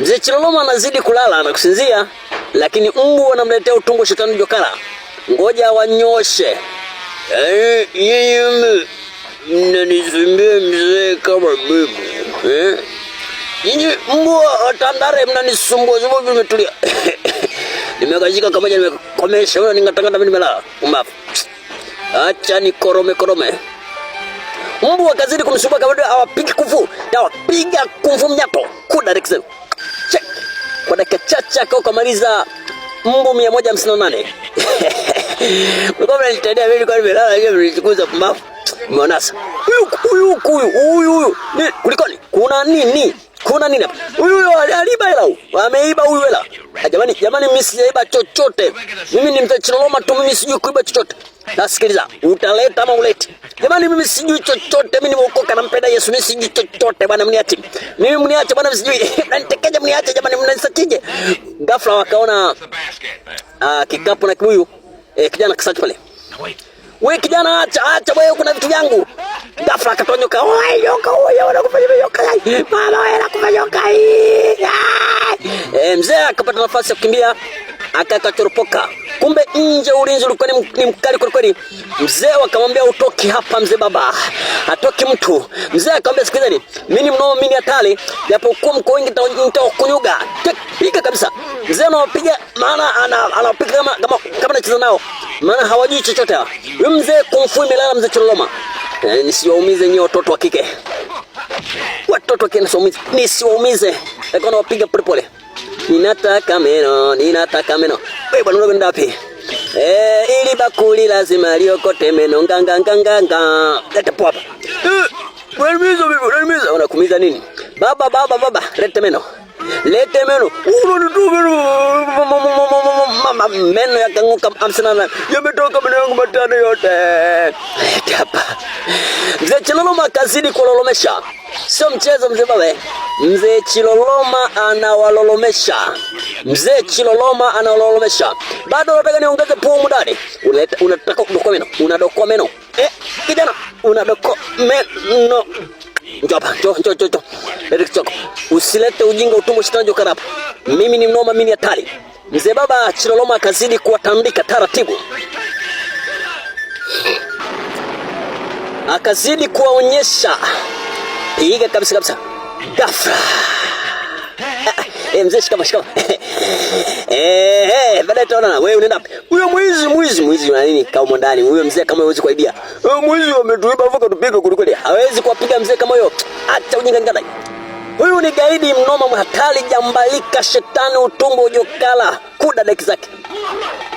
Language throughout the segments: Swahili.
Mzee Chiloloma anazidi kulala na kusinzia, lakini mbu wanamletea utumbo shetani jokala. Ngoja wanyoshe. Eh, yeye mnanisumbia mzee kama mimi. Eh? Inyi mbwa tandare mnanisumbua zivyo vimetulia. nimetulia. kama jana nimekomesha wewe ningatanga na mimi nimelala. Umbafu. Acha ni korome korome. Mbwa kazidi kunisumbua kama awapiki kufu. Tawapiga kufu mnyapo. Kuna Rexel. Check. Kwa dakika chache akao kamaliza mbu 158. Mlikuwa mnanitania mimi nilikuwa nimelala hiyo mlitukuza kumafu. Mwanasa. Huyu huyu huyu huyu huyu. Kulikoni? Kuna nini? Kuna nini hapa? Huyu huyu aliiba hela Ameiba huyu hela. Ah, jamani jamani mimi sijaiba chochote. Mimi ni mtachinoma tu mimi sijui kuiba chochote. Nasikiliza, utaleta ama ulete. Jamani mimi sijui chochote, mimi nimeokoka nampenda Yesu, mimi sijui chochote bwana mniache. Mimi mniache bwana sijui. Mnanitekeje mniache jamani mnanisakije. Ghafla wakaona uh, kikapu na kibuyu Eh, kijana kisaji pale. Wewe kijana acha acha wewe kuna vitu vyangu. Ghafla akatonyoka. Oi, yoka huyo unakufanya yoka. Mama wewe unakufanya yoka. Eh, mzee akapata nafasi ya kukimbia akakatoropoka. Kumbe nje ulinzi ulikuwa ni mkali kwelikweli. Mzee akamwambia utoki hapa, mzee baba, hatoki mtu. Mzee akamwambia sikilizeni, mimi ni mnao mimi ni hatari, japokuwa mko wengi nitakunyuga. Piga kabisa. Mzee anawapiga maana anawapiga kama kama kama anacheza nao. Maana hawajui chochote hawa. Huyu mzee kumfu imelala mzee Choloma. Yaani nisiwaumize nyie watoto wa kike. Watoto wa kike nisaumize. Nisiwaumize. Nilikuwa nawapiga polepole ninataka meno, ninataka meno. Wewe bwana unaenda wapi? Eh, ili bakuli lazima liokote meno nganga nganga nganga. Leta hapo hapa. Eh, Unanimiza vipi? Unanimiza? Unakumiza nini? Baba baba baba, leta meno. Leta meno. Unanituka meno kama meno yakang'oka hamsini na nane yametoka meno yangu matano yote. Hapa mzee Chiloloma akazidi kulolomesha, sio mchezo mzee babe. Mzee Chiloloma anawalolomesha, mzee Chiloloma anawalolomesha. Bado unataka niongeze pumu ndani, unataka kudokoa meno, unadokoa meno eh, kijana, unadokoa meno Njapa, njo, njo, njo, njo. Usilete ujinga utumbo shetani jokarapa. Mimi ni mnoma, mimi ni hatari. Mzee Baba Chiloloma akazidi kuwatandika taratibu, akazidi kuwaonyesha iga kabisa kabisa. Ghafla eh, eh, eh, mzee, shikama shikama, eh, baada tutaona wewe unaenda wapi? Huyo mwizi mwizi mwizi, una nini kaumo ndani? Huyo mzee kama hawezi kuibia, huyo mwizi ametuiba, avuka tupige kulikweli, hawezi kuwapiga mzee kama huyo, Acha ujinga ngada Huyu ni gaidi mnoma, mhatari, jambalika, shetani, utumbo, ujokala, kuda deki zake.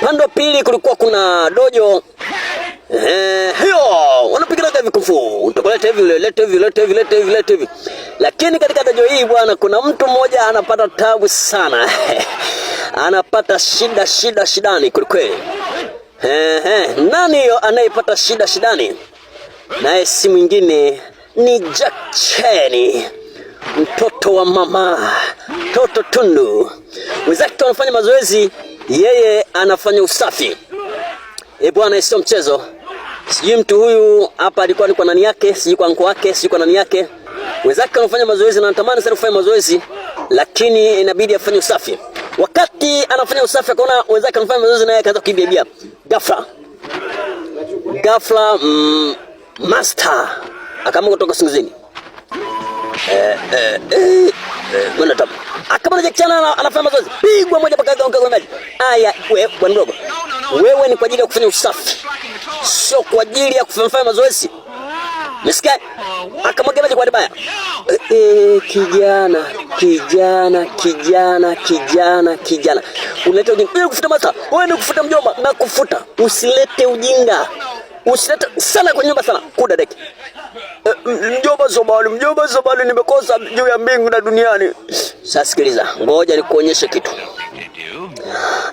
Pande pili kulikuwa kuna dojo Eh, hiyo wanapigana kwa vikufu Utakoleta hivi leta hivi leta hivi leta hivi leta hivi. Lakini katika dojo hii bwana, kuna mtu mmoja anapata tabu sana. anapata shida shida shidani kulikweli. Eh, eh, nani yo anayepata shida shidani? Naye si mwingine ni Jack Cheni. Mtoto wa mama mtoto Tundu, mwenzake tu anafanya mazoezi, yeye anafanya usafi. E bwana, sio mchezo. Sijui mtu huyu hapa alikuwa ni kwa nani yake, sijui kwa nko wake, sijui kwa nani yake. Mwenzake anafanya mazoezi na anatamani sana kufanya mazoezi, lakini inabidi afanye usafi. Wakati anafanya usafi, akaona wenzake anafanya mazoezi, naye akaanza kukimbia. Ghafla ghafla, mm, master akaamka kutoka singizini eh, eh, eh, Akamwona Jack Chan anafanya mazoezi, pigwa moja paka kwa maji. Aya, wewe bwana mdogo, wewe ni kwa ajili ya kufanya usafi, sio kwa ajili ya kufanya mazoezi. Msikia akamwaga maji kwa dibaya. Eh, kijana, kijana, kijana, kijana, kijana. Unaleta ujinga. Wewe kufuta mata. Wewe ni kufuta mjomba na kufuta. Usilete ujinga. Usilete sana kwa nyumba sana. Kuda deki mjomba Somalu, mjomba Somalu, nimekosa juu ya mbingu na duniani. Sasa sikiliza, ngoja nikuonyeshe kitu.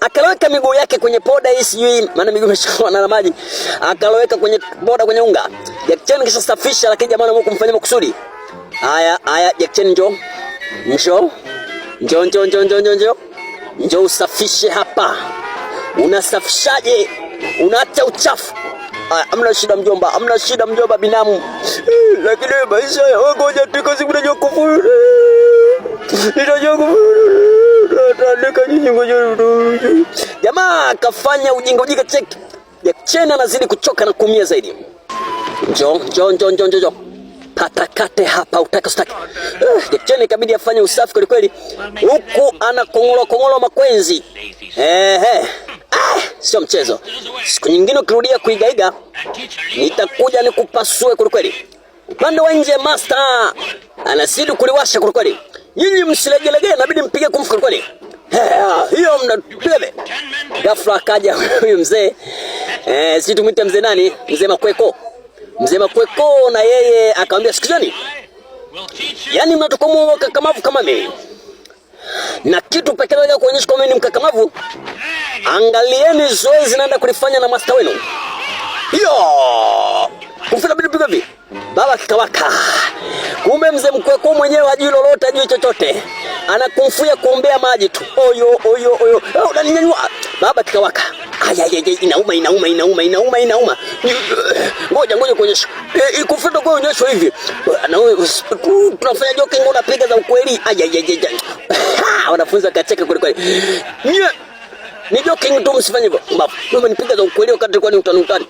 Akaloweka miguu yake kwenye poda hii, sijui maana miguu imeshikwa na maji, akaloweka kwenye poda kwenye unga. Jack kisha safisha, lakini jamaa anaamua kumfanyia makusudi. Haya haya, Jack Chen njoo, njoo, njoo, njoo, njoo, njoo, njoo, njoo usafishe hapa. Unasafishaje? Unaacha uchafu Amna shida mjomba, amna shida mjomba binamu. Eh, lakini maisha yako ngoja tukosi kuna jokofu. Jamaa kafanya ujinga ujinga, cheki. Ya chena anazidi kuchoka na kuumia zaidi. Njoo, njoo, njoo, njoo, njoo nikukatakate hapa utake usitake. Uh, Jepcheni ikabidi afanye usafi kweli kweli, huku ana kongolo kongolo makwenzi ehe. Ah, sio mchezo. Siku nyingine ukirudia kuigaiga nitakuja nikupasue kweli kweli. Upande wa nje master anazidi kuliwasha kweli kweli. Nyinyi msilegelegee, inabidi mpige kumfu kweli kweli. Hiyo mna mnatebe. Ghafla akaja huyu mzee eh, si tumwite mzee nani? Mzee Makweko. Mzee Makweko na yeye akamwambia, sikizeni, yaani mnatokomwa wakakamavu kama mimi na kitu pekee ya kuonyesha kwamba ni mkakamavu, angalieni zoezi naenda kulifanya na master wenu. Hiyo kufuta bibi bibi baba kikawaka Kumbe mzee mkwekuu mwenyewe ajui lolote, ajui chochote, anakumfuya kuombea maji tu. Oyo oyo oyo, eh, unaninyanyua baba, kikawaka. Ayayay, inauma inauma inauma inauma inauma, eh, ngoja ngoja kuonyesha ikufuta eh, kwa onyesho hivi, na tunafanya joke, ngona piga za ukweli. Ayayay, wanafunzi wakacheka kweli kweli. Nye ni joke tu, msifanye hivyo. Mbona nipiga za ukweli wakati kwa ni utani utani?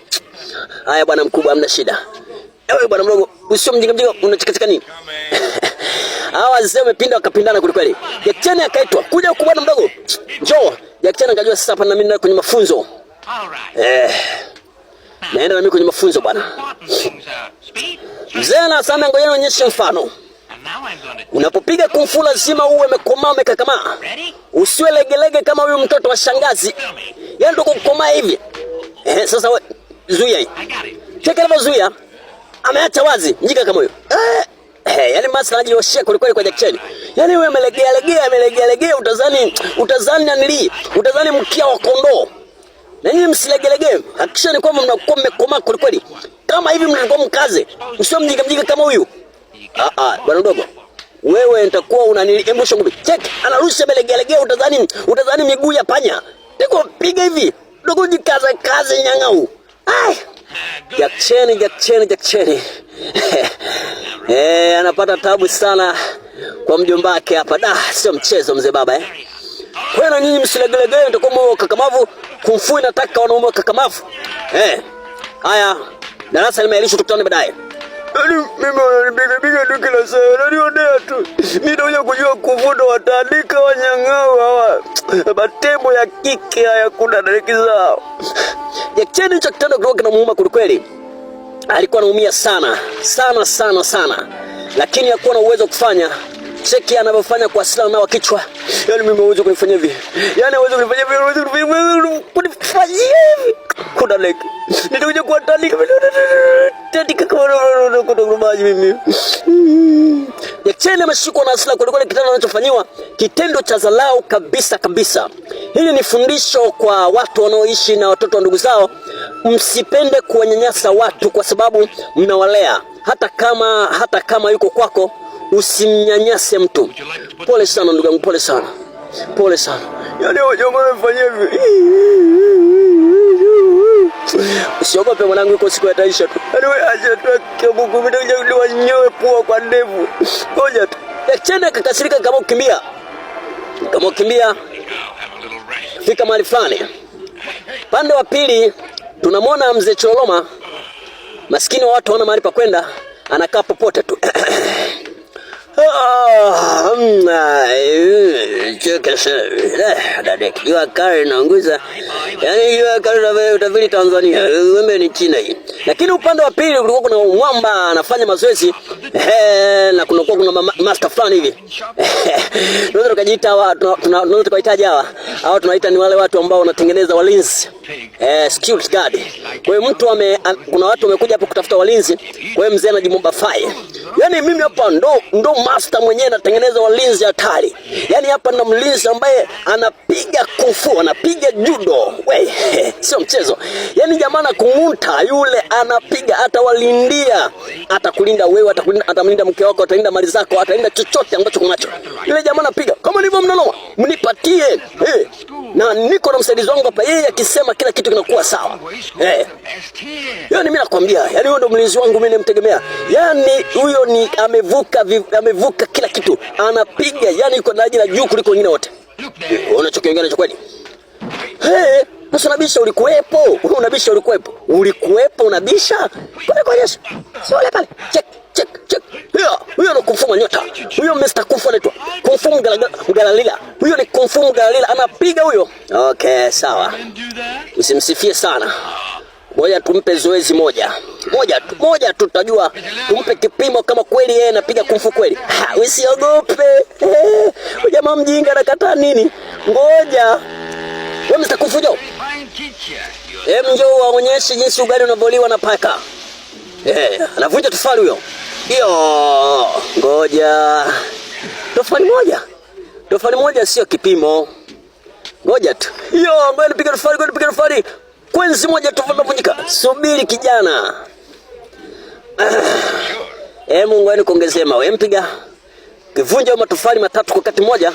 Haya bwana mkubwa, hamna shida. Ewe bwana mdogo, usio mjinga mjinga unachekacheka nini? Hawa wazee wamepinda wakapindana kule kweli. Jackchana akaitwa, kuja huku bwana mdogo. Njoo. Jackchana akajua sasa hapa na mimi kwenye mafunzo. Eh. Naenda na mimi kwenye mafunzo bwana. Mzee anasema ngoja nionyeshe mfano. Unapopiga kumfu lazima uwe umekomaa umekakamaa. Usiwe legelege kama huyu mtoto wa shangazi. Yaani ndio kukomaa hivi. Eh, sasa we zuia hii. Chekelewa zuia ameacha wazi njiga kama huyo eh. Hey, eh, yani mask anajioshia kule kule kwa Jack Yani wewe amelegea legea amelegea legea utazani utazani anili utazani mkia wa kondoo. Na nyinyi msilegelege, Hakikisha ni kwamba mnakuwa mmekoma kule kule, Kama hivi mnakuwa mkaze. Msio mjiga mjiga kama huyu. Ah ah, bwana ndogo. Wewe nitakuwa unanili hebu shongobi. Check anarusha amelegea legea utazani utazani miguu ya panya. Niko piga hivi. Ndogo jikaze kaze nyang'au. Ai, Jakcheni, Jakcheni, Jakcheni. Eh, anapata tabu sana kwa mjomba wake hapa. Da, sio mchezo mzee baba eh. Kwa nyinyi msilegelege ndio mwe wakakamavu? Kung Fu wanaume wakakamavu. Eh. Haya, darasa limeahirishwa, tukutane baadaye. Yaani mimi wananipigapiga tu kila saa, wananionea tu. Mimi nakuja kujua kuvuta watandika wanyang'au hawa. Matembo ya kike haya kuna dalili zao. Jackcheni hicho kitanda kilikuwa kinamuuma kwelikweli. Alikuwa anaumia sana, sana sana sana. Lakini hakuwa na uwezo kufanya Cheki anavyofanya kwa silaha na kichwa. Yaani mimi hawezi kunifanyia hivi. Yaani hawezi kunifanyia hivi, hawezi kunifanyia hivi. Kuna like. Nitakuja kuatalika tatika kwa kutoka maji mimi. Jackson ameshikwa na hasira kulikuwa kitendo anachofanyiwa, kitendo cha dharau kabisa kabisa. Hili ni fundisho kwa watu wanaoishi na watoto wa ndugu zao, msipende kuwanyanyasa watu kwa sababu mnawalea, hata kama hata kama yuko kwako usimnyanyase mtu. Pole sana ndugu yangu, pole sana, pole sana. Yani wajamaa wamefanyia hivi. Usiogope mwanangu, iko siku yataisha tu. Yaani acha tu kibuku vidogo ndio wanyoe pua kwa ndevu. Ngoja tu. Achana kakasirika kama ukimbia. Kama ukimbia. Fika mahali fulani. Pande wa pili tunamwona mzee Choloma maskini wa watu hawana mahali pa kwenda, anakaa popote tu Oh, ah, jua eh, eh, kali inaunguza, yaani jua kali utafili Tanzania, umbe ni China hii. Lakini upande wa pili kulikuwa kuna mwamba anafanya mazoezi eh, na kunakuwa kuna master fulani hivi, tunaweza tukajiita tunaweza tukawahitaji hawa hawa, tunaita ni wale watu ambao wanatengeneza walinzi eh, security guard. Kwa hiyo mtu ame, kuna watu wamekuja hapo kutafuta walinzi, kwa hiyo mzee anajimomba Yaani mimi hapa ndo ndo master mwenyewe natengeneza walinzi hatari. Yaani hapa na mlinzi ambaye anapiga kufu, anapiga judo. We, sio mchezo. Yaani jamaa na kumunta yule anapiga atawalindia. Atakulinda wewe, atakulinda, atamlinda mke wako, atalinda mali zako, atalinda chochote ambacho kunacho. Yule jamaa anapiga. Kama nilivyo mnanoma, mnipatie. Eh. Hey. Na niko na msaidizi wangu hapa, yeye akisema kila kitu kinakuwa sawa. Eh. Hey. Yaani mimi nakwambia, yaani huyo ndo mlinzi wangu mimi nimtegemea. Yaani huyo huyo ni amevuka, amevuka kila kitu, anapiga yani yuko daraja la juu kuliko wengine wote. Unachokiongea nacho kweli? Hey, Musa unabisha, ulikuwepo wewe, unabisha, ulikuwepo, ulikuwepo, unabisha pale kwa Yesu, sio wale pale. Check check check, huyo huyo ni kumfuma nyota, huyo Mr. Kufu anaitwa kumfumu Galalila, huyo ni kumfumu Galalila, anapiga huyo. Okay, sawa, usimsifie sana. Ngoja tumpe zoezi moja moja tu, moja tu, tutajua, tumpe kipimo kama kweli yeye anapiga kumfu kweli. Usiogope jamaa mjinga, anakataa nini? Ngoja wewe msta kumfu jo, hem, waonyeshe jinsi ugali unavoliwa na paka. Eh, anavunja tofali huyo. Hiyo ngoja, tofali moja, tofali moja sio kipimo. Ngoja tu hiyo, ngoja nipige tofali, ngoja nipige tofali kwenzi moja tu vunjika. Subiri kijana. Ah. Eh, Mungu ani kuongezea mawe. Eh, mpiga kivunja matofali matatu kwa kati moja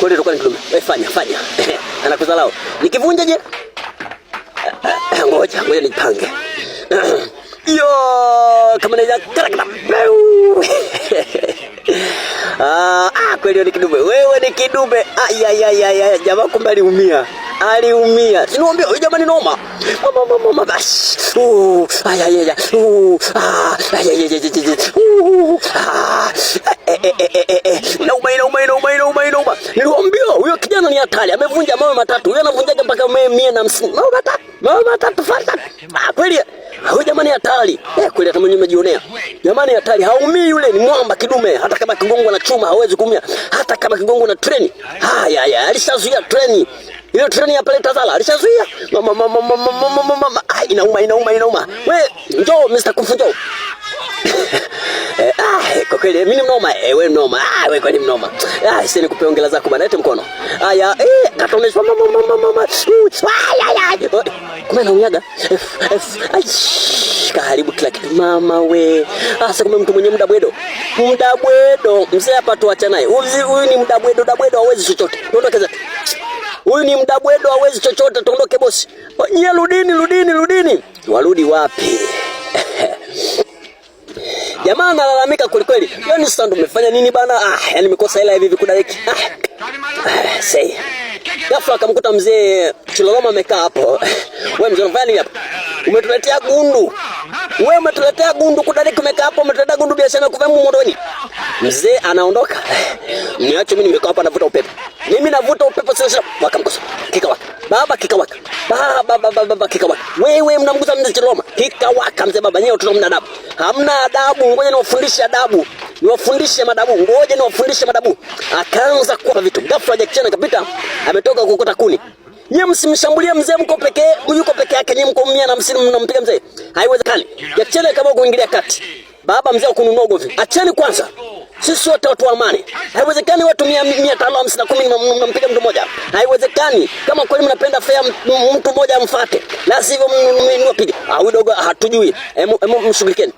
kweli itakuwa ni kidume. Wewe eh, fanya fanya. Anakudharau. Nikivunja je? Eh, ngoja ngoja nipange. Yo, kama kala karakana. Ah, ah, kweli ni kidume. Wewe ni kidume. Ah, ya ya ya ya jamaa kumbe aliumia aliumia. Niwaambia huyu jamani, noma mama mama, mama ah, basi ah, eh, eh, eh, nauma. Niwaambia huyo kijana ni hatari, amevunja mawe matatu. Huyo anavunjaga mpaka mawe 150? na mawe matatu, mawe matatu fata. Ah, kweli huyo jamani hatari eh, kweli hata mwenyewe umejionea jamani, hatari. Haumii yule, ni mwamba kidume. Hata kama kigongo na chuma hawezi kuumia, hata kama kigongo na treni. Haya, haya, alishazuia treni hiyo treni ya pale Tazara alishazuia. Mama mama mama mama mama. Ai, inauma inauma inauma. Wewe njoo Mr. Kufu njoo. Ah, Kwa kweli mimi mnoma, eh wewe mnoma. Ah wewe kwani mnoma. Ah sisi nikupe ongela zako bana, ete mkono. Haya, eh katonesha mama mama mama. Oh, kumbe naunyaga. Ai kaharibu kila kitu mama we. Ah, sasa kumbe mtu mwenye muda bwedo. Muda bwedo. Mzee hapa tuacha naye. Huyu ni muda bwedo, muda bwedo hawezi chochote. Tuondoke zetu. Huyu ni muda bwedo hawezi chochote, tuondoke bosi. Oh, nyie rudini, rudini, rudini. Warudi wapi? Jamaa analalamika kweli kweli. Yaani sasa ndo umefanya nini bana? Ah, yani nimekosa hela hivi kuna Ah. ah Ghafla akamkuta mzee Chiloroma amekaa hapo. Wewe mzee unafanya nini hapa? Umetuletea gundu. Wewe umetuletea gundu kudariki umekaa hapo umetuletea gundu biashara yako vemu Mzee anaondoka. Mniache mimi nimekaa hapa navuta upepo. Mimi navuta upepo sio sio. Wakamkosa. Kikawaka. Baba kikawaka. Baba baba baba kikawaka. Wewe mnamguza mzee Chiloloma. Kikawaka mzee baba nyewe tunamna adabu. Hamna adabu, ngoja niwafundishe adabu niwafundishe madabu, ngoja niwafundishe madabu. Akaanza kuwapa vitu. Ghafla Jackson akapita, ametoka kuokota kuni. Nyie msimshambulie mzee, mko pekee, yuko peke yake, nyie mko mia na hamsini mnampiga mzee. Haiwezekani. Jackson akaamua kuingilia kati. Baba mzee akununua ugomvi. Acheni kwanza. Sisi wote watu wa amani. Haiwezekani watu mia mia tano hamsini na kumi mnampiga mtu mmoja. Haiwezekani. Kama kweli mnapenda fea, mtu mmoja amfate, na sivyo mnapige. Ah, huyu dogo hatujui. hemu mshughulikeni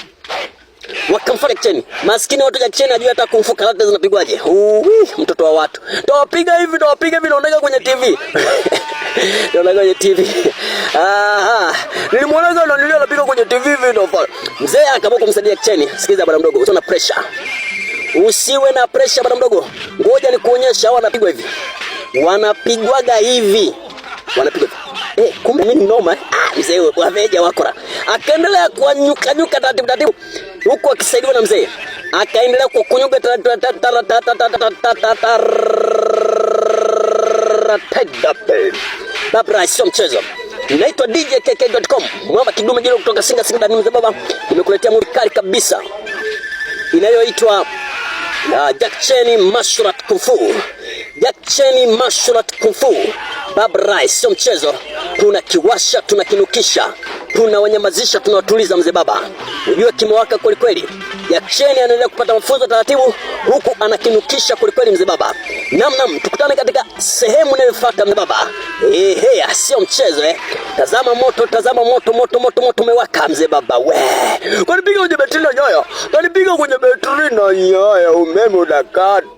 wakamfuata Kicheni. Maskini watu ya Kicheni ajua hata kumfuka labda zinapigwaje. Uwi, mtoto wa watu. Tawapiga hivi, tawapiga hivi naonaga kwenye TV. Naonaga kwenye TV. Aha. Nilimwona kana nilio napiga kwenye TV hivi ndio pale. Mzee akaamua kumsaidia Kicheni. Sikiza bwana mdogo, usiwe na pressure. Usiwe na pressure bwana mdogo. Ngoja nikuonyeshe hao wanapigwa hivi. Wanapigwaga hivi. Wanapigwa eh, kumbe mimi ni mnoma. Ah, mzee waveja wakora. Akaendelea kuanyuka nyuka taratibu taratibu, huku akisaidiwa na mzee, akaendelea kukunyuka taratibu taratibu. Babra sio mchezo. Naitwa DJ mwamba kidume jilo kutoka Singa Singa ndani mzee baba, nimekuletea murikali kabisa inayoitwa na Jack Cheni Mashrat Kufu. Jack Cheni Mashrat Kufu. Babra sio mchezo kiwasha tunakinukisha, tunawanyamazisha, tunawatuliza. Mzee baba, ujue kimewaka kweli kweli. Yaksheni anaendelea kupata mafunzo taratibu, huku anakinukisha kweli kweli. Mzee baba, namnam, tukutane katika sehemu inayofuata. Mzee baba, ehe, sio mchezo eh. Tazama moto, tazama moto, moto, moto, moto umewaka. Mzee baba, we kanipiga kwenye betri na nyoyo, kanipiga kwenye betri na nyoyo, umeme unakata.